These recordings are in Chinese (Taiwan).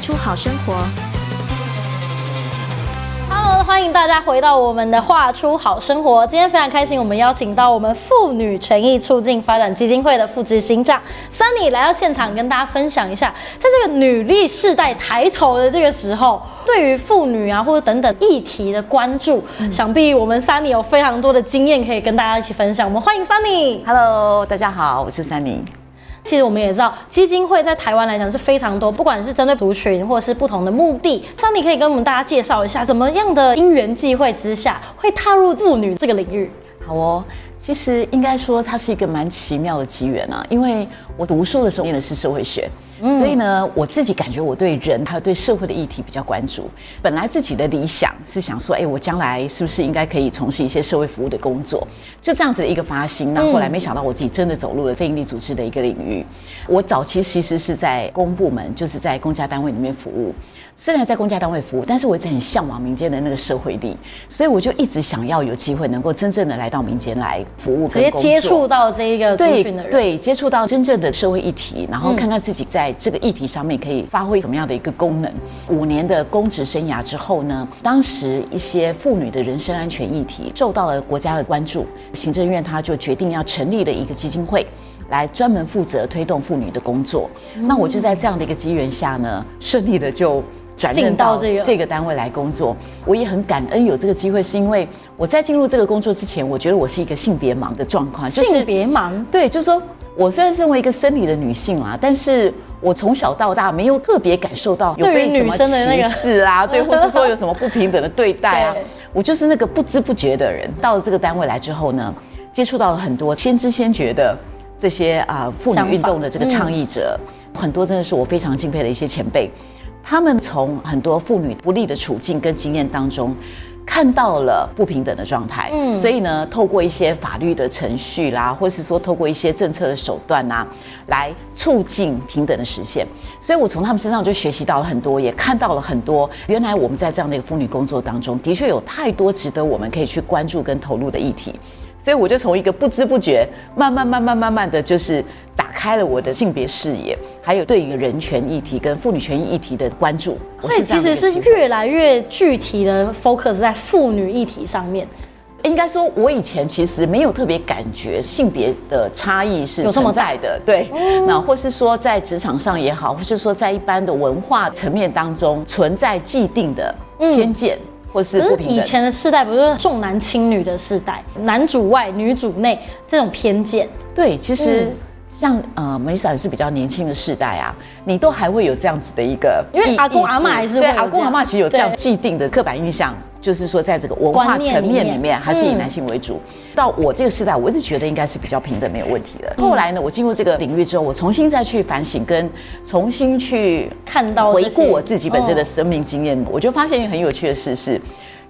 出好生活哈嘍，Hello, 歡迎大家回到我們的《話出好生活》。今天非常開心，我們邀請到我們婦女權益促進發展基金會的副執行長 Sunny 來到現場，跟大家分享一下，在這個女力世代抬頭的這個時候，對於婦女啊或者等等議題的關注，嗯、想必我們 Sunny 有非常多的經驗可以跟大家一起分享。我們歡迎 Sunny。Hello，大家好，我是 Sunny。其實我們也知道，基金會在台灣來講是非常多，不管是針對族群或是不同的目的。Sunny 可以跟我們大家介紹一下，怎麼樣的因緣際會之下會踏入婦女這個領域？好哦，其實應該說它是一個蠻奇妙的機緣啊，因為我讀書的時候念的是社會學，嗯，所以呢，我自己感覺我對人還有對社會的議題比較關注。本來自己的理想是想說，哎、欸，我將來是不是應該可以從事一些社會服務的工作，就這樣子的一個發心。那後，後來沒想到我自己真的走入了非營利組織的一個領域。我早期其實是在公部門，就是在公家單位裡面服務。雖然在公家單位服務，但是我一直很嚮往民間的那個社會力，所以我就一直想要有機會能夠真正的來到民間來服務，直接接觸到這一個培訓的人。對，對，接觸到真正的社會議題，然後看看自己在這個議題上面可以發揮什麼樣的一個功能。五年的公職生涯之後呢，當時一些婦女的人身安全議題受到了國家的關注，行政院他就決定要成立了一個基金會，來專門負責推動婦女的工作、嗯。那我就在這樣的一個機緣下呢，順利的就轉進到這個單位來工作。我也很感恩有這個機會，是因為我在進入這個工作之前，我覺得我是一個性別盲的狀況，就是、性別盲，對，就是說。我雖然身為一個生理的女性啦，但是我從小到大沒有特別感受到有被什麼歧視啊，對，或者說有什麼不平等的對待啊 對。我就是那個不知不覺的人。到了這個單位來之後呢，接觸到了很多先知先覺的這些啊呃、婦女運動的這個倡議者、嗯，很多真的是我非常敬佩的一些前輩，他們從很多婦女不利的處境跟經驗當中，看到了不平等的狀態，嗯，所以呢，透過一些法律的程序啦，或者是說透過一些政策的手段吶，來促進平等的實現。所以我從他們身上就學習到了很多，也看到了很多。原來我們在這樣的一個婦女工作當中，的確有太多值得我們可以去關注跟投入的議題。所以我就從一個不知不覺，慢慢慢慢慢慢的就是。打開了我的性別視野，還有對於人權議題跟婦女權益議題的關注，所以其實是越來越具體的 focus 在婦女議題上面。應該說，我以前其實沒有特別感覺性別的差異是有這麼在的，對，那或是說在職場上也好，或是說在一般的文化層面當中存在既定的偏見，嗯、或是不平等。以前的世代不是重男輕女的世代，男主外女主內這種偏見，對，其實、嗯。像呃、梅嬸是比較年輕的世代啊，你都還會有這樣子的一個，因為阿公阿媽還是對，對阿公阿媽，其實有這樣既定的刻板印象，就是說在這個文化層面裡面，還是以男性為主，嗯。到我這個世代，我一直覺得應該是比較平等，沒有問題的。嗯、後來呢，我進入這個領域之後，我重新再去反省，跟重新去看到些回顧我自己本身的生命經驗，我就發現一個很有趣的事是。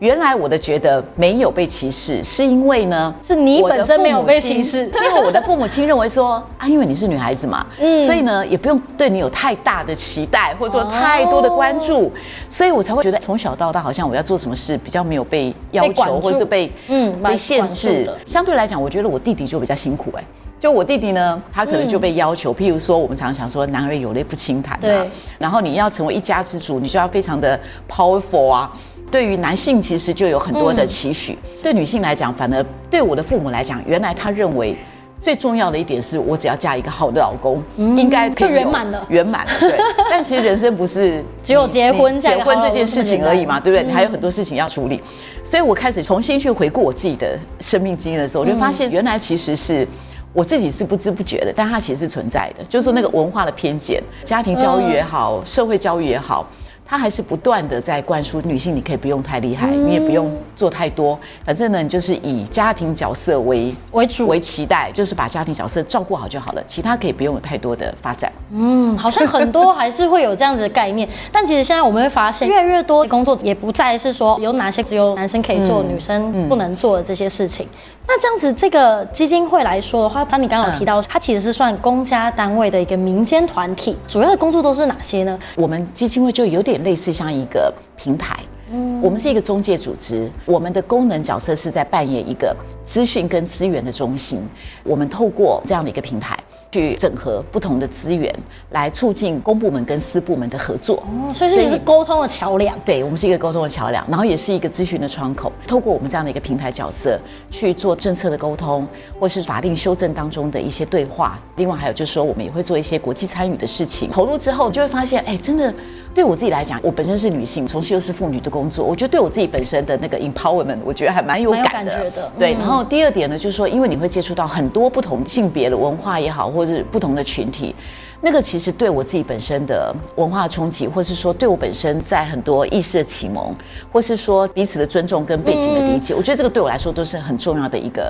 原來我的覺得沒有被歧視，是因為呢，是你本身沒有被歧視，因 為我的父母親認為說啊，因為你是女孩子嘛，嗯，所以呢，也不用對你有太大的期待或者說太多的關注，哦，所以我才會覺得從小到大好像我要做什麼事比較沒有被要求被或者是被嗯被限制。相對來講，我覺得我弟弟就比較辛苦哎，欸，就我弟弟呢，他可能就被要求，嗯、譬如說我們常常想說男兒有淚不輕彈，啊，對，然後你要成為一家之主，你就要非常的 powerful 啊。對於男性其實就有很多的期許、嗯，對女性來講，反而對我的父母來講，原來他認為最重要的一點是我只要嫁一個好的老公，嗯、應該可以就圓滿了圓滿，對。但其實人生不是 只有結婚結婚，結婚這件事情而已嘛，對不對，嗯？你還有很多事情要處理。所以我開始重新去回顧我自己的生命經驗的時候，我就發現原來其實是我自己是不知不覺的，但它其實是存在的，就是說那個文化的偏見、家庭教育也好，嗯、社會教育也好。他還是不斷的在灌輸女性，你可以不用太厲害，嗯，你也不用做太多，反正呢，就是以家庭角色為為主為期待，就是把家庭角色照顧好就好了，其他可以不用有太多的發展。嗯，好像很多還是會有這樣子的概念， 但其實現在我們會發現，越來越多的工作也不再是說有哪些只有男生可以做，嗯，女生不能做的這些事情。嗯，嗯。那這樣子，這個基金會來說的話，當你剛好提到，它、嗯、其實是算公家單位的一個民間團體，主要的工作都是哪些呢？我們基金會就有點類似像一個平台，嗯，我們是一個中介組織，我們的功能角色是在扮演一個資訊跟資源的中心，我們透過這樣的一個平台。去整合不同的資源，來促進公部門跟私部門的合作。哦，所以是溝通的橋樑。對，我們是一個溝通的橋樑，然後也是一個諮詢的窗口。透過我們這樣的一個平台角色，去做政策的溝通，或是法令修正當中的一些對話。另外，還有就是說，我們也會做一些國際參與的事情。投入之後，就會發現，哎、欸，真的。對我自己來講，我本身是女性，從事又是婦女的工作，我覺得對我自己本身的那個 empowerment，我覺得還蠻有感的，蠻有感覺的。對、嗯。然後第二點呢，就是說，因為你會接觸到很多不同性別的文化也好，或是不同的群體，那個其實對我自己本身的文化的衝擊，或者是說對我本身在很多意識的啟蒙，或是說彼此的尊重跟背景的理解，嗯、我覺得這個對我來說都是很重要的一個。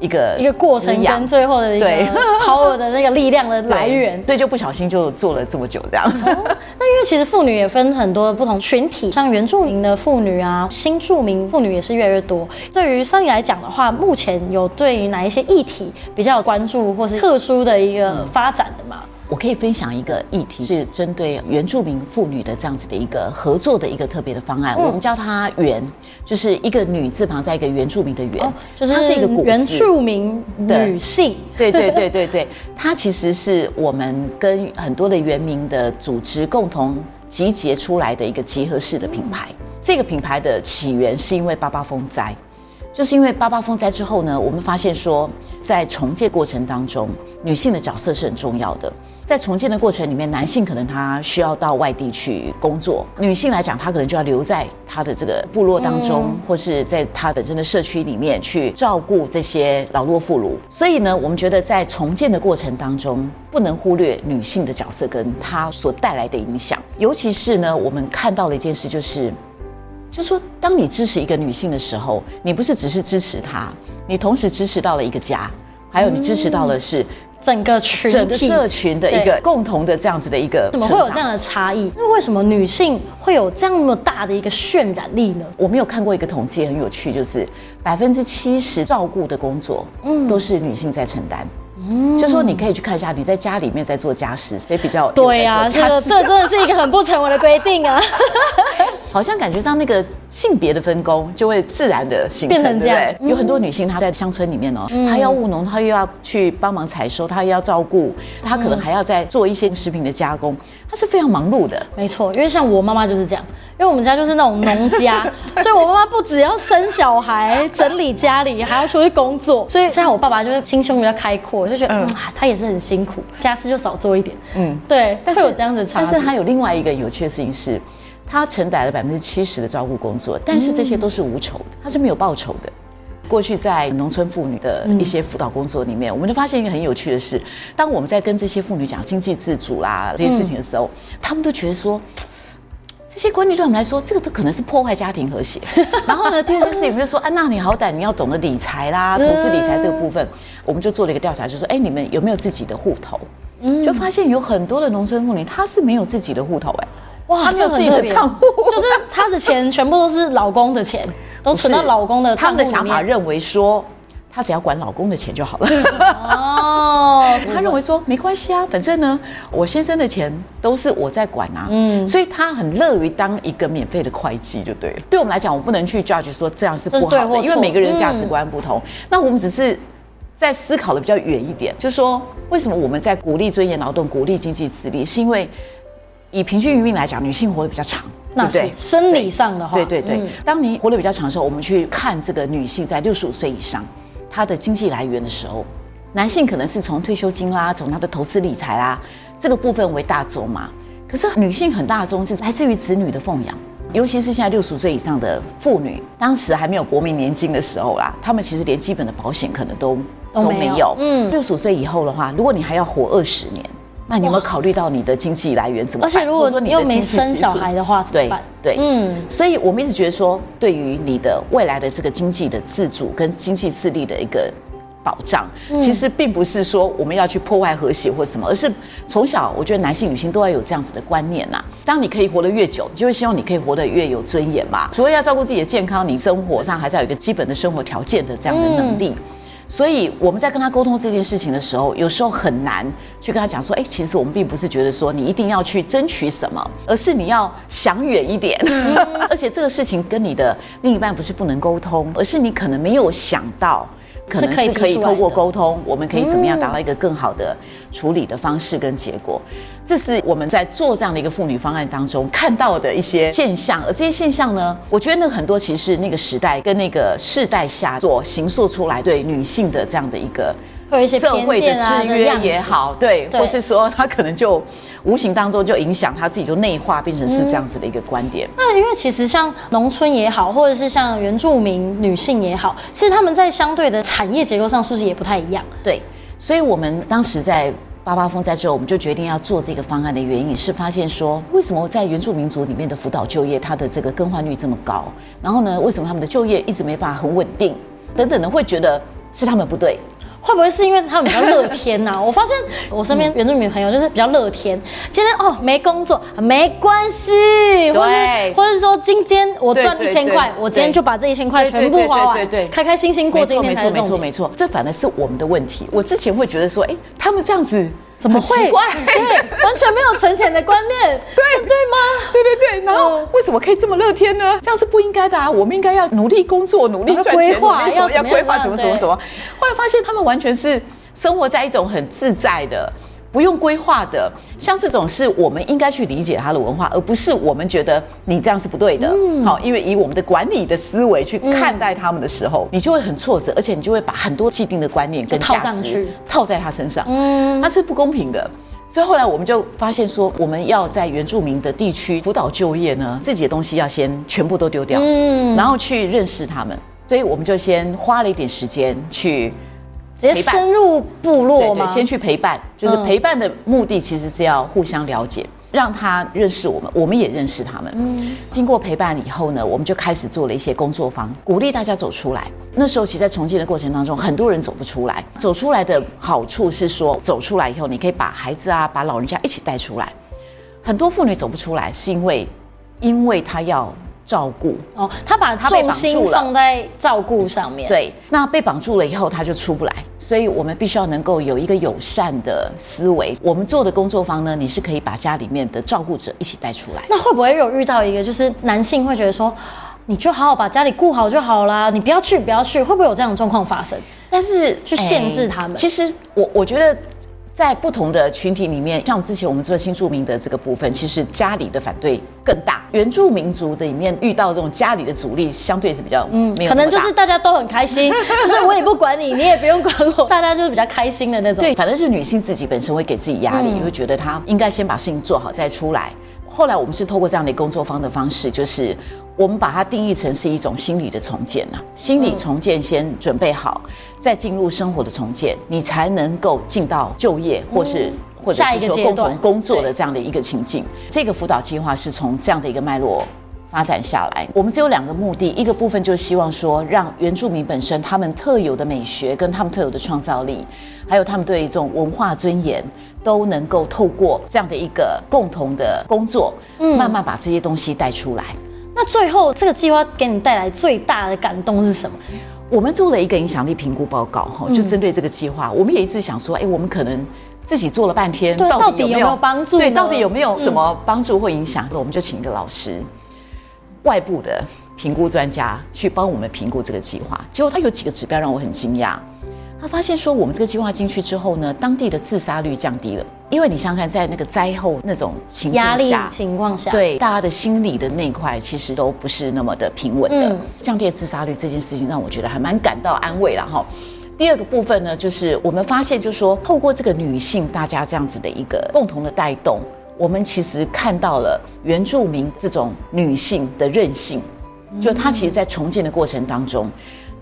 一個一個過程跟最後的一個 power 的那個力量的來源。 對，對，就不小心就做了這麼久這樣。 哦、那因為其實婦女也分很多的不同群體，像原住民的婦女啊，新住民婦女也是越來越多。對於桑尼來講的話，目前有對於哪一些議題比較有關注，或是特殊的一個發展的嗎？嗯我可以分享一個議題，是針對原住民婦女的這樣子的一個合作的一個特別的方案。嗯、我們叫它“原”，就是一個女字旁加一個原住民的原“原、哦”，就是它是一個原住民的女性。 對對對對對，它其實是我們跟很多的原民的組織共同集結出來的一個集合式的品牌。嗯、這個品牌的起源是因為八八風災，就是因為八八風災之後呢，我們發現說，在重建過程當中，女性的角色是很重要的。在重建的過程裡面，男性可能他需要到外地去工作，女性來講，她可能就要留在她的這個部落當中，嗯、或是在她本身的社區裡面去照顧這些老弱婦孺。所以呢，我們覺得在重建的過程當中，不能忽略女性的角色跟她所帶來的影響。尤其是呢，我們看到了一件事，就是，就說當你支持一個女性的時候，你不是只是支持她，你同時支持到了一個家，還有你支持到了是、嗯。整個群體，整個社群的一個共同的這樣子的一個，怎麼會有這樣的差異？那為什麼女性會有這樣那麼大的一個渲染力呢？我沒有看過一個統計，很有趣，就是百分之七十照顧的工作，嗯，都是女性在承擔。嗯，就說你可以去看一下，你在家裡面在做家事，所以比較對啊？這個、這真的是一個很不成文的規定啊。 好像感覺上，那個性別的分工就會自然的形成，變成這樣對不對？嗯、有很多女性她在鄉村裡面哦、喔嗯，她要務農，她又要去幫忙採收，她又要照顧，她可能還要再做一些食品的加工，她是非常忙碌的。沒錯，因為像我媽媽就是這樣，因為我們家就是那種農家 所以我媽媽不只要生小孩、整理家裡，還要出去工作。所以現在我爸爸就是心胸比較開闊，就覺得嗯，嗯，他也是很辛苦，家事就少做一點。嗯，對。但是我這樣子差，但是還有另外一個有趣的事情是。他承擔了百分之七十的照顧工作，但是這些都是無酬的，他是沒有報酬的。過去在農村婦女的一些輔導工作裡面、嗯，我們就發現一個很有趣的事：當我們在跟這些婦女講經濟自主啦這些事情的時候，嗯、他們都覺得說，這些觀念對我們來說，這個都可能是破壞家庭和諧。然後呢，第二件事，有沒有說啊？那你好歹你要懂得理財啦，投資理財這個部分、嗯，我們就做了一個調查，就說：哎、欸，你們有沒有自己的戶頭？嗯，就發現有很多的農村婦女，她是沒有自己的戶頭、欸。哎。哇，他們有自己的賬戶，就是他的錢全部都是老公的錢， 都存到老公的賬戶裡面。他們的想法認為說，他只要管老公的錢就好了。哦，他認為說沒關係啊，反正呢，我先生的錢都是我在管啊。嗯，所以他很樂於當一個免費的會計，就對了。對我們來講，我不能去 judge 說這樣是不好的，因為每個人價值觀不同，嗯。那我們只是在思考的比較遠一點，就是說，為什麼我們在鼓勵尊嚴勞動、鼓勵經濟自立，是因為？以平均餘命來講，女性活得比較長，那是生理上的哈。對對對，嗯、當你活得比較長的時候，我們去看這個女性在六十五歲以上她的經濟來源的時候，男性可能是從退休金啦，從他的投資理財啦這個部分為大宗嘛。可是女性很大宗是來自於子女的奉養，尤其是現在六十五歲以上的婦女，當時還沒有國民年金的時候啦，他們其實連基本的保險可能都都沒，都沒有。嗯，六十五歲以後的話，如果你還要活二十年。那你有沒有考慮到你的經濟來源？怎麼辦？而且如果說你又沒生小孩的話，怎麼辦？對，對，嗯，所以我們一直覺得說，對於你的未來的這個經濟的自主跟經濟自立的一個保障，嗯，其實並不是說我們要去破壞和諧或什麼，而是從小我覺得男性女性都要有這樣子的觀念吶，啊。當你可以活得越久，就會希望你可以活得越有尊嚴嘛。除了要照顧自己的健康，你生活上還是要有一個基本的生活條件的這樣的能力。嗯。所以我們在跟他溝通這件事情的時候，有時候很難去跟他講說，哎、欸，其實我們並不是覺得說你一定要去爭取什麼，而是你要想遠一點。嗯、 而且這個事情跟你的另一半不是不能溝通，而是你可能沒有想到。可能是可以透過溝通，嗯、我們可以怎麼樣達到一個更好的處理的方式跟結果？這是我們在做這樣的一個婦女方案當中看到的一些現象，而這些現象呢，我覺得呢很多其實是那個時代跟那個世代下所形塑出來對女性的這樣的一個。有一些社會、啊、的制約也好，對，或是說他可能就無形當中就影響他自己就，就內化變成是這樣子的一個觀點。那因為其實像農村也好，或者是像原住民女性也好，其實他們在相對的產業結構上是不是也不太一樣？對，所以我們當時在八八風災之後，我們就決定要做這個方案的原因是發現說，為什麼在原住民族裡面的輔導就業，它的這個更換率這麼高？然後呢，為什麼他們的就業一直沒辦法很穩定？等等的，會覺得是他們不對。會不會是因為他們比較樂天呢、啊？ 我發現我身邊原住民朋友就是比較樂天、天。今天哦沒工作沒關係，對，或者是，是說今天我賺一千塊，我今天就把這一千塊全部花完。對對對對對對對對，開開心心過今天才是重點。沒錯沒錯沒錯，這反而是我們的問題。我之前會覺得說，哎、欸，他們這樣子。怎麼會？ 對，完全沒有存錢的觀念，對，對嗎？對對對。然後為什麼可以這麼樂天呢？這樣是不應該的啊！我們應該要努力工作，努力賺錢，啊，要規劃要規劃什麼，什麼什麼什麼。後來發現他們完全是生活在一種很自在的。不用規劃的，像這種是我們應該去理解他的文化，而不是我們覺得你這樣是不對的。好、嗯，因為以我們的管理的思維去看待他們的時候、嗯，你就會很挫折，而且你就會把很多既定的觀念跟價值套上去，套在他身上，嗯，他是不公平的。所以後來我們就發現說，我們要在原住民的地區輔導就業呢，自己的東西要先全部都丟掉，嗯，然後去認識他們。所以我們就先花了一點時間去。直接深入部落嗎？對，我們先去陪伴，就是陪伴的目的，其實是要互相了解，嗯，讓他認識我們，我們也認識他們。嗯。經過陪伴以後呢，我們就開始做了一些工作坊，鼓勵大家走出來。那時候其實，在重建的過程當中，很多人走不出來。走出來的好處是說，走出來以後，你可以把孩子啊，把老人家一起帶出來。很多婦女走不出來，是因為，因為她要。照顧哦，他把重心，他被綁住了，放在照顧上面、嗯。對，那被綁住了以後，他就出不來。所以我們必須要能夠有一個友善的思維。我們做的工作坊呢，你是可以把家裡面的照顧者一起帶出來。那會不會有遇到一個就是男性會覺得說，你就好好把家裡顧好就好了啦，你不要去，不要去，會不會有這樣的狀況發生？但是去限制他們。欸、其實我我覺得。在不同的群體裡面，像之前我們做新住民的這個部分，其實家裡的反對更大。原住民族的裡面遇到這種家裡的阻力，相對是比較沒有，嗯，可能就是大家都很開心， 就是我也不管你，你也不用管我，大家就是比較開心的那種。對，反正是女性自己本身會給自己壓力，你會、嗯、覺得她應該先把事情做好再出來。後來我們是透過這樣的工作坊的方式，就是我們把它定義成是一種心理的重建呐、啊。心理重建先準備好，再進入生活的重建，你才能夠進到就業或是或者是說共同工作的這樣的一個情境。這個輔導計劃是從這樣的一個脈絡發展下來。我們只有兩個目的，一個部分就是希望說，讓原住民本身他們特有的美學跟他們特有的創造力，還有他們對一種文化尊嚴，都能夠透過這樣的一個共同的工作，嗯，慢慢把這些東西帶出來。那最後這個計劃給你帶來最大的感動是什麼？我們做了一個影響力評估報告，哈、嗯，就針對這個計劃，我們也一直想說，哎、欸，我們可能自己做了半天，到底有沒有幫助呢？對，到底有沒有什麼幫助或影響？那、嗯、我們就請一個老師，外部的評估專家去幫我們評估這個計劃。結果他有幾個指標讓我很驚訝。他發現說，我們這個計劃進去之後呢，當地的自殺率降低了。因為你想想看，在那個災後那種情壓力情況下，對大家的心理的那一塊，其實都不是那麼的平穩的。嗯。降低自殺率這件事情，讓我覺得還蠻感到安慰了哈。嗯。第二個部分呢，就是我們發現，就是說透過這個女性大家這樣子的一個共同的帶動，我們其實看到了原住民這種女性的韌性，就她其實在重建的過程當中，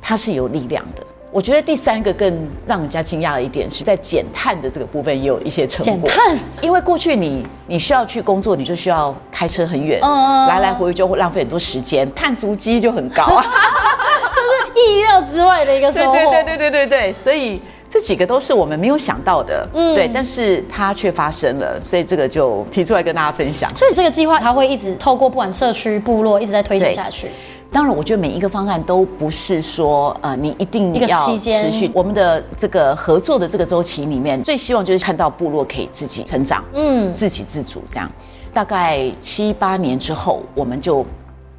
她是有力量的。我覺得第三個更讓人家驚訝的一點是在減碳的這個部分也有一些成果。減碳，因為過去你你需要去工作，你就需要開車很遠，嗯，來來回回就會浪費很多時間，碳足跡就很高。 就是意料之外的一個收穫，對對對對對對，所以這幾個都是我們沒有想到的，嗯，對，但是它卻發生了，所以這個就提出來跟大家分享。所以這個計劃它會一直透過不管社區部落一直在推行下去。當然，我覺得每一個方案都不是說，呃，你一定你要持續。我們的這個合作的這個週期裡面，最希望就是看到部落可以自己成長，嗯，自給自足這樣。大概七八年之後，我們就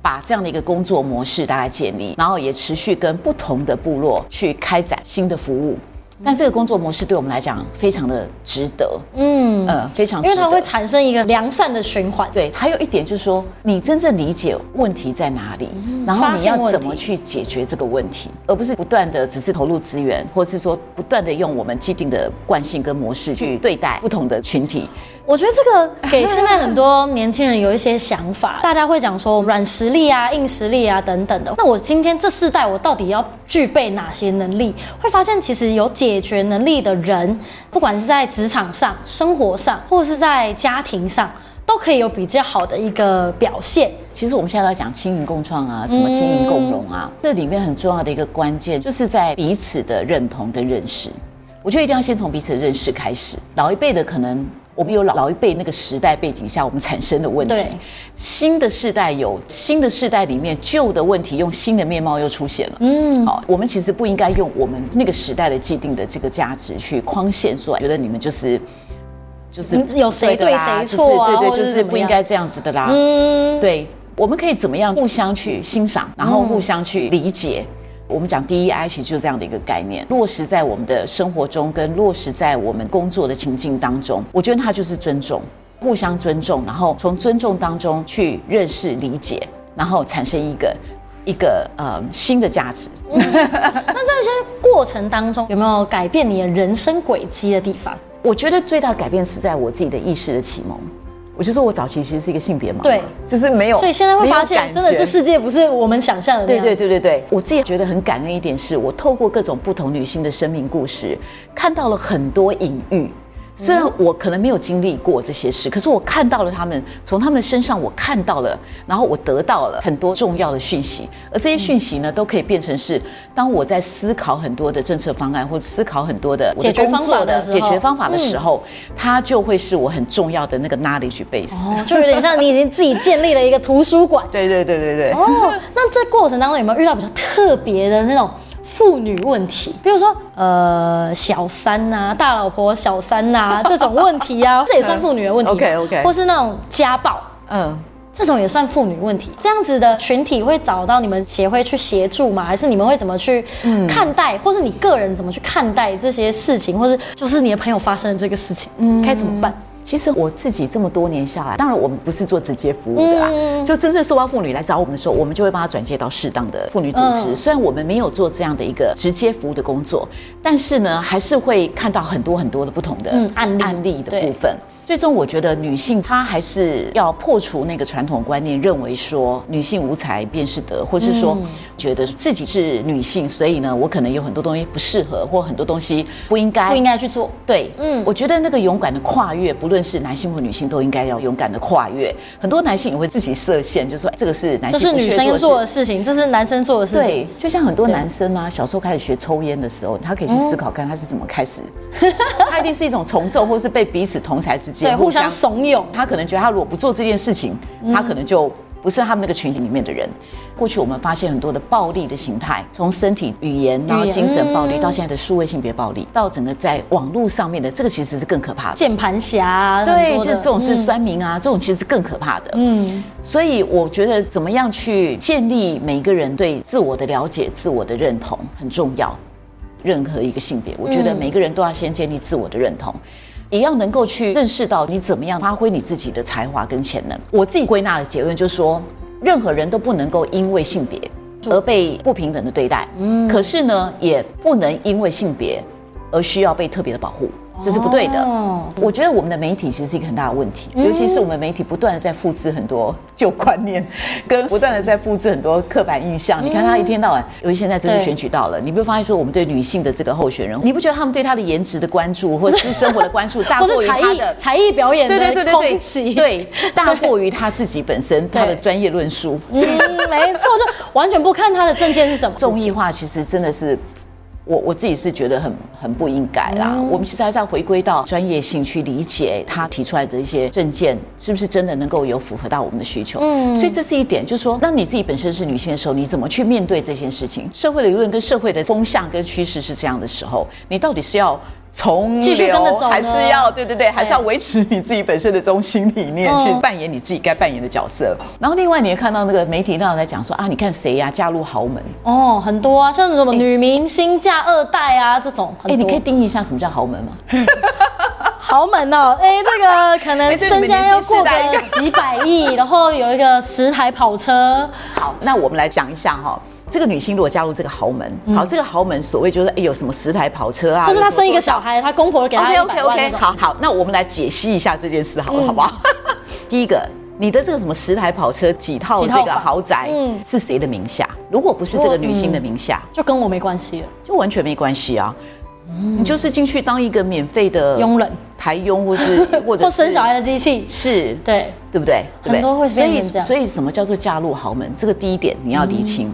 把這樣的一個工作模式大家建立，然後也持續跟不同的部落去開展新的服務。但這個工作模式對我們來講非常的值得，嗯，呃，非常值得，因為它會產生一個良善的循環。對，還有一點就是說，你真正理解問題在哪裡，嗯，然後你要怎麼去解決這個問題，而不是不斷的只是投入資源，或是說不斷的用我們既定的慣性跟模式去對待不同的群體。我覺得這個給現在很多年輕人有一些想法， 大家會講說軟實力啊、硬實力啊等等的。那我今天這世代，我到底要具備哪些能力？會發現其實有解決能力的人，不管是在職場上、生活上，或者是在家庭上，都可以有比較好的一個表現。其實我們現在在講青銀共創啊，什麼青銀共融啊、嗯，這裡面很重要的一個關鍵，就是在彼此的認同跟認識。我覺得一定要先從彼此的認識開始。老一輩的可能。我們有老一輩那個時代背景下，我們產生的問題，新的世代有新的世代裡面舊的問題用新的面貌又出現了，嗯，好、哦，我們其實不應該用我們那個時代的既定的這個價值去框限出來，來覺得你們就是就是，嗯、有誰對誰錯、啊就是，對對，就是不應該這樣子的啦，嗯，對，我們可以怎麼樣互相去欣賞，然後互相去理解。嗯我們講第一愛其實就是這樣的一個概念，落實在我們的生活中，跟落實在我們工作的情境當中。我覺得它就是尊重，互相尊重，然後從尊重當中去認識、理解，然後產生一個一個呃新的價值。嗯、那在這些過程當中， 有沒有改變你的人生軌跡的地方？我覺得最大的改變是在我自己的意識的啟蒙。我就說，我早期其實是一個性別盲，對，就是沒有。所以現在會發現，真的這世界不是我們想象的那樣。對對對對對，我自己覺得很感恩一點是，是我透過各種不同女性的生命故事，看到了很多隱喻。雖然我可能沒有經歷過這些事、嗯，可是我看到了他們，從他們身上我看到了，然後我得到了很多重要的訊息，而這些訊息呢、嗯，都可以變成是當我在思考很多的政策方案，或者思考很多的解決方法的解決方法的時候，的時候、嗯，它就會是我很重要的那個 knowledge base。哦，就有點像你已經自己建立了一個圖書館。 對，對對對對對。哦，那這過程當中有沒有遇到比較特別的那種？婦女問題，比如說呃小三吶、啊、大老婆小三吶、啊、這種問題啊， 這也算婦女的問題。OK OK，或是那種家暴，嗯，這種也算婦女問題。這樣子的群體會找到你們協會去協助嗎？還是你們會怎麼去看待，嗯、或是你個人怎麼去看待這些事情，或是就是你的朋友發生了這個事情，嗯，該怎麼辦？其實我自己這麼多年下來，當然我們不是做直接服務的啦。嗯、就真正受暴婦女來找我們的時候，我們就會幫她轉介到適當的婦女組織、嗯。雖然我們沒有做這樣的一個直接服務的工作，但是呢，還是會看到很多很多的不同的案例、嗯、案例的部分。最終，我覺得女性她還是要破除那個傳統觀念，認為說女性無才便是德，或是說覺得自己是女性，所以呢，我可能有很多東西不適合，或很多東西不應該不應該去做。對，嗯，我覺得那個勇敢的跨越，不論是男性或女性，都應該要勇敢的跨越。很多男性也會自己設限，就說這個是男性，女生做的事情，這是男生做的事情。對，就像很多男生啊，小時候開始學抽菸的時候，他可以去思考看他是怎麼開始，他一定是一種從眾，或是被彼此同才之。對，互相慫恿，互相，他可能覺得他如果不做這件事情，嗯、他可能就不是他們那個群體裡面的人。過去我們發現很多的暴力的形態，從身體語言，到精神暴力，到現在的數位性別暴力，到整個在網絡上面的，這個其實是更可怕的。鍵盤俠、啊，對，這種是酸民啊，嗯、這種其實是更可怕的。嗯，所以我覺得怎麼樣去建立每個人對自我的了解、自我的認同很重要。任何一個性別，我覺得每個人都要先建立自我的認同。嗯也要能夠去認識到你怎麼樣發揮你自己的才華跟潛能。我自己歸納的結論就是說，任何人都不能夠因為性別而被不平等的對待。嗯，可是呢，也不能因為性別而需要被特別的保護。這是不對的。我覺得我們的媒體其實是一個很大的問題，尤其是我們媒體不斷的在複製很多舊觀念，跟不斷的在複製很多刻板印象。你看他一天到晚，因為現在真的選舉到了，你不會發現說我們對女性的這個候選人，你不覺得他們對她的顏值的關注或是生活的關注，大過於他的才藝表演的，對對對，大過於他自己本身他的專業論述？沒錯，就完全不看他的政見是什麼。綜藝化其實真的是。我我自己是覺得很很不應該啦。嗯、我們其實還是要回歸到專業性去理解他提出來的一些政見是不是真的能夠有符合到我們的需求。嗯，所以這是一點，就是說，那你自己本身是女性的時候，你怎麼去面對這件事情？社會的輿論跟社會的風向跟趨勢是這樣的時候，你到底是要？從繼續跟著走還是要對對對，還是要維持你自己本身的中心理念，欸、去扮演你自己該扮演的角色、嗯。然後另外你也看到那個媒體經常在講說啊，你看誰呀、啊，嫁入豪門哦，很多啊，像什麼女明星嫁二代啊、欸、這種。哎、欸，你可以定義一下什麼叫豪門嗎？ 豪門哦、喔，哎、欸，這個可能身家又過個幾百億，然後,欸、 然後有一個十台跑車。好，那我們來講一下哈、喔。這個女性如果嫁入這個豪門，嗯、好，這個豪門所謂就是哎有什麼十台跑車啊，就是她生一個小孩，她公婆給她 OK OK OK，好好，那我們來解析一下這件事，好了，嗯，好不好？ 第一個，你的這個什麼十台跑車、幾套這個豪宅，嗯，是誰的名下？如果不是這個女性的名下，嗯、就跟我沒關係了，就完全沒關係啊、嗯。你就是進去當一個免費的傭人，台傭或者是 或者生小孩的機器，是，對，對不對？很多會所以所以什麼叫做嫁入豪門？這個第一點你要釐清。嗯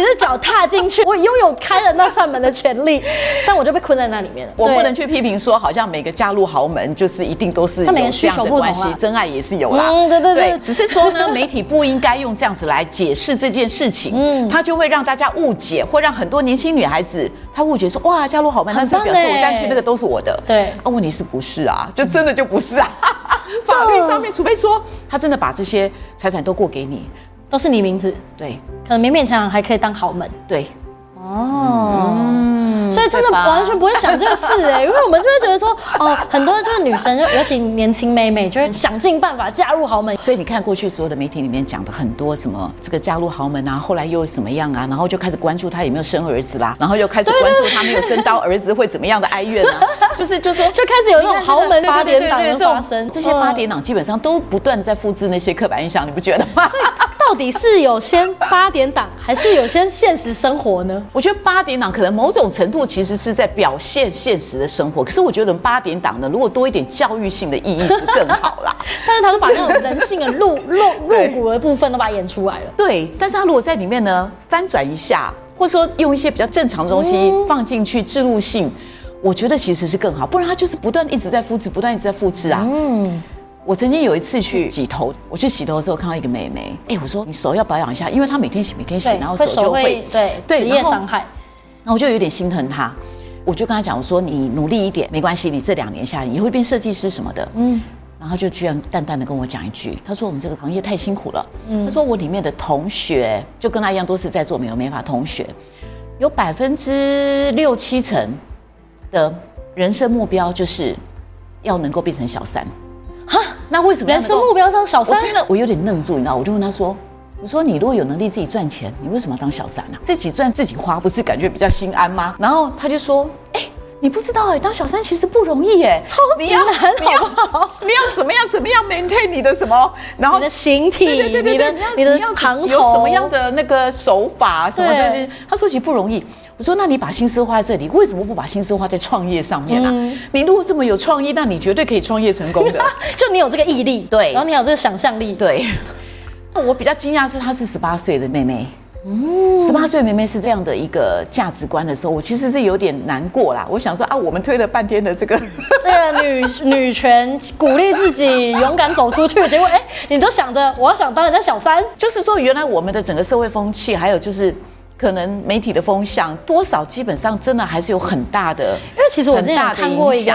只是腳踏進去，我擁有開了那扇門的權利， 但我就被困在那裡面了。我不能去批評說，好像每個嫁入豪門就是一定都是有這樣的關係，他每個需求不同啦，真愛也是有啦。嗯，對對對。對，只是說呢， 媒體不應該用這樣子來解釋這件事情，嗯，它就會讓大家誤解，會讓很多年輕女孩子她誤解說，哇，嫁入豪門，但是表示我進去那個都是我的。對啊，問題是不是啊？就真的就不是啊？嗯、 法律上面，除非說他真的把這些財產都過給你。都是你名字，對，可能勉勉強強還可以當豪門，對，哦、嗯嗯，所以真的完全不會想這個事哎、欸，因為我們就會覺得說，哦，很多就是女生，就尤其年輕妹妹，就會想盡辦法嫁入豪門。所以你看過去所有的媒體裡面講的很多什麼，這個嫁入豪門啊，後來又怎麼樣啊，然後就開始關注她有沒有生兒子啦，然後又開始關注她沒有生到兒子會怎麼樣的哀怨啊，對對對，就是就說就開始有那種豪門這八點檔的發生，對對對對對，這這，這些八點檔基本上都不斷的在複製那些刻板印象，你不覺得嗎？到底是有先八點檔還是有先現實生活呢？我覺得八點檔可能某種程度其實是在表現現實的生活，可是我覺得八點檔呢，如果多一點教育性的意義就更好啦。 但是他都把那種人性的露露露骨的部分都把它演出來了。對，但是他如果在裡面呢翻轉一下，或者說用一些比較正常的東西放進去置入性，嗯，我覺得其實是更好，不然他就是不斷一直在複製，不斷一直在複製啊。嗯。我曾經有一次去洗頭，我去洗頭的時候看到一個妹妹。哎、欸，我說你手要保養一下，因為她每天洗每天洗，然後手就會對，對職業傷害。那我就有點心疼她，我就跟她講，我說你努力一點沒關係，你這兩年下來也會變設計師什麼的，嗯。然後就居然淡淡的跟我講一句，她說我們這個行業太辛苦了，嗯、她說我裡面的同學就跟她一樣，都是在做美容美髮，同學有百分之六七成的人生目標就是要能夠變成小三。那為什麼人生目標當小三呢？我，真的我有點愣住，你知道，我就問他說：“我說你如果有能力自己賺錢，你為什麼要當小三呢、啊？自己賺自己花，不是感覺比較心安嗎？”然後他就說：“哎、欸。”你不知道哎、欸，當小三其實不容易哎、欸，超級難你你，好不好？你要怎麼樣怎麼樣 maintain 你的什麼？然後你的形體，對對對對，你的你，要你的，你要有什麼樣的那個手法？什麼東西？他說其實不容易。我說那你把心思花在這裡，為什麼不把心思花在創業上面啊、嗯？你如果這麼有創意，那你絕對可以創業成功的。就你有這個毅力，對，然後你有這個想象力，對。那我比較驚訝是她是十八歲的妹妹。嗯，十八歲妹妹是這樣的一個價值觀的時候，我其實是有點難過啦。我想說啊，我們推了半天的這個，這 個女女權，鼓勵自己勇敢走出去，結果哎、欸，你都想着我要想當人家小三。就是說，原來我們的整個社會風氣，還有就是。可能媒體的風向多少，基本上真的還是有很大的，因為其實我之前看過一個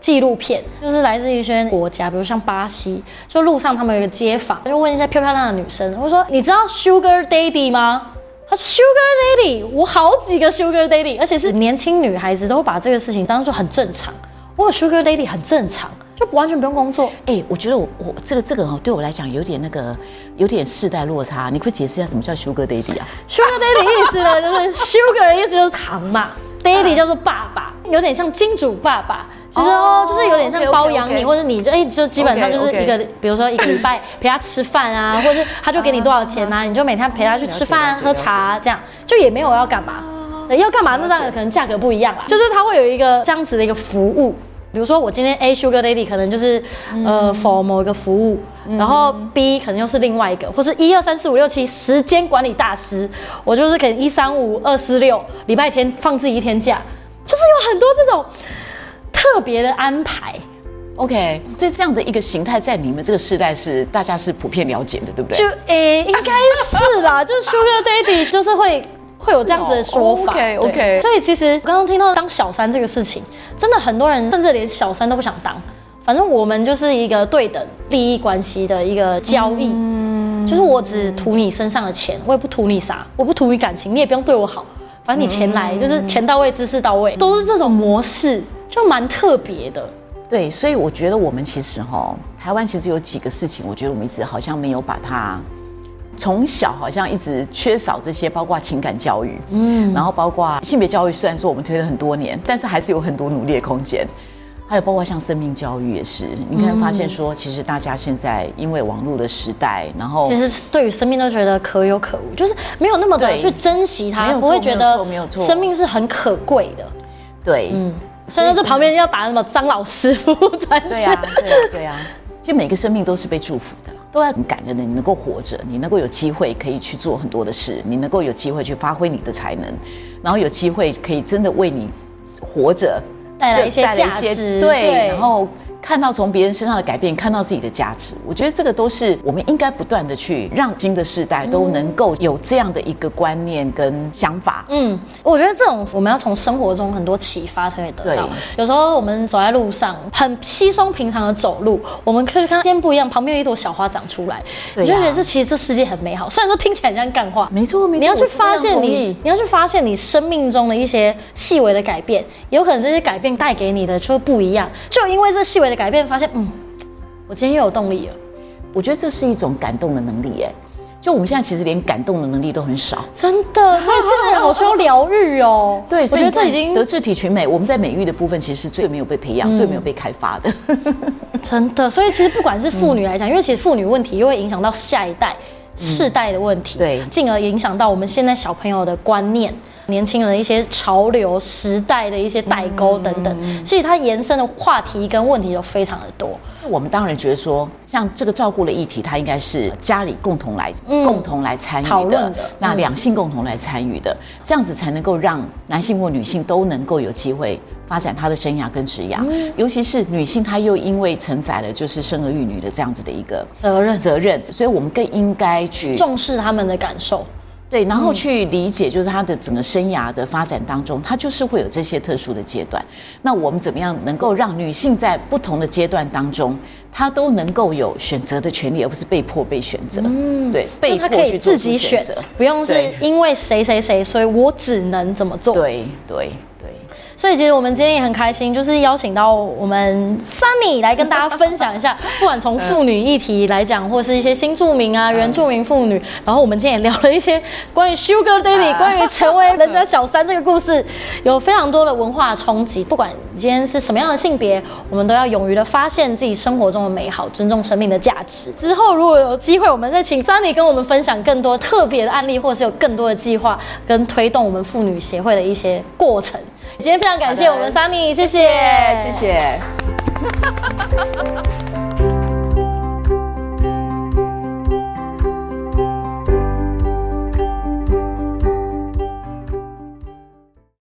紀錄片，就是來自一些國家，比如像巴西，就路上他們有一個街訪，就問一下漂漂亮的女生，我說你知道 Sugar Daddy 嗎？她說 Sugar Daddy？我好幾個 Sugar Daddy。而且是年輕女孩子都會把這個事情，當作很正常。我有 sugar daddy 很正常，就完全不用工作。哎、欸，我覺得我我這個這個哈，對我來講有點那個，有點世代落差。你快解釋一下什麼叫 sugar daddy 啊？sugar daddy 意思呢，就是 sugar 的意思就是糖嘛、啊、daddy 叫做爸爸，有點像金主爸爸，哦、就是哦，就是有點像包養你，哦、okay, okay, okay. 或者你哎、欸，就基本上就是一個，okay, okay. 比如說一個禮拜陪他吃飯啊， 或者是他就給你多少錢啊，嗯、你就每天陪他去吃飯、嗯、喝茶、啊、這樣，就也沒有要幹嘛。嗯欸、要幹嘛？那當然可能價格不一樣啦、啊，就是它會有一個這樣子的一個服務，比如說我今天 A sugar daddy 可能就是、嗯、呃 for 某一個服務、嗯，然後 B 可能又是另外一個，或是一二三四五六七時間管理大師，我就是可能一三五二四六禮拜天放置一天假，就是有很多這種特別的安排。OK，所以這樣的一個形態在你們這個時代是大家是普遍了解的，對不對？就誒、欸、應該是啦， 就 sugar daddy 就是會。會有這樣子的說法，哦哦、okay, okay 所以其實剛剛聽到當小三這個事情，真的很多人甚至連小三都不想當。反正我們就是一個對等利益關係的一個交易，嗯，就是我只圖你身上的錢，我也不圖你啥，我不圖你感情，你也不用對我好，反正你錢來就是錢到位，姿勢到位，嗯，都是這種模式，就蠻特別的。對，所以我覺得我們其實哈、哦，台灣其實有幾個事情，我覺得我們一直好像沒有把它。從小好像一直缺少這些，包括情感教育，嗯，然後包括性別教育。雖然說我們推了很多年，但是還是有很多努力的空間。還有包括像生命教育也是，嗯、你可能發現說，其實大家現在因為網絡的時代，然後其實對於生命都覺得可有可無，就是沒有那麼的去珍惜它，不會覺得生命是很可貴的。對，嗯，所以說這旁邊要打什麼張老師服務專線？對呀、啊，對呀、啊，其實、啊、每個生命都是被祝福的。都要很感恩的，你能夠活着，你能夠有機會可以去做很多的事，你能夠有機會去發揮你的才能，然後有機會可以真的為你活着帶來一些價值，帶來一些，對，對，然後。看到從別人身上的改變，看到自己的價值，我覺得這個都是我們應該不斷的去讓新的世代都能夠有這樣的一個觀念跟想法。嗯，我覺得這種我們要從生活中很多啟發才可以得到。有時候我們走在路上，很稀鬆平常的走路，我們可以看到肩不一樣，旁邊有一朵小花長出來，你就覺得這其實這世界很美好。雖然說聽起來很像幹話，沒錯沒錯，你要去發現你，你要去發現你生命中的一些細微的改變，有可能這些改變帶給你的就是不一樣。就因為這細微的。改變發現，嗯，我今天又有動力了。我覺得這是一種感動的能力、欸，耶。就我們現在其實連感動的能力都很少，真的。所以現在人好需要療癒哦，對，我覺得這已經德智體群美，我們在美育的部分其實是最沒有被培養、嗯、最沒有被開發的， 真的。所以其實不管是婦女來講，因為其實婦女問題又會影響到下一代、世代的問題，嗯、對，進而影響到我們現在小朋友的觀念。年輕人一些潮流、時代的一些代溝等等，所以它延伸的話題跟問題都非常的多。我們當然覺得說，像這個照顧的議題，它應該是家裡共同來、嗯、共同來參與的，的，那兩性共同來參與的、嗯，這樣子才能夠讓男性或女性都能夠有機會發展他的生涯跟職涯、嗯。尤其是女性，她又因為承載了就是生兒育女的這樣子的一個責任責任，所以我們更應該去重視他們的感受。對，然後去理解，就是他的整個生涯的發展當中，他就是會有這些特殊的階段。那我們怎麼樣能夠讓女性在不同的階段當中，她都能夠有選擇的權利，而不是被迫被選擇？嗯，對，被迫去自己選擇，不用是因為誰誰誰，所以我只能怎麼做？對對。所以其實我們今天也很開心，就是邀請到我們 Sunny 來跟大家分享一下，不管從婦女議題來講，或是一些新住民啊、原住民婦女，然後我們今天也聊了一些關於 Sugar Daddy、關於成為人家小三這個故事，有非常多的文化衝擊。不管今天是什麼樣的性別，我們都要勇於的發現自己生活中的美好，尊重生命的價值。之後如果有機會，我們再請 Sunny 跟我們分享更多特別的案例，或是有更多的計劃跟推動我們婦女協會的一些過程。今天非常感謝我們 Sunny，謝謝，謝謝。謝謝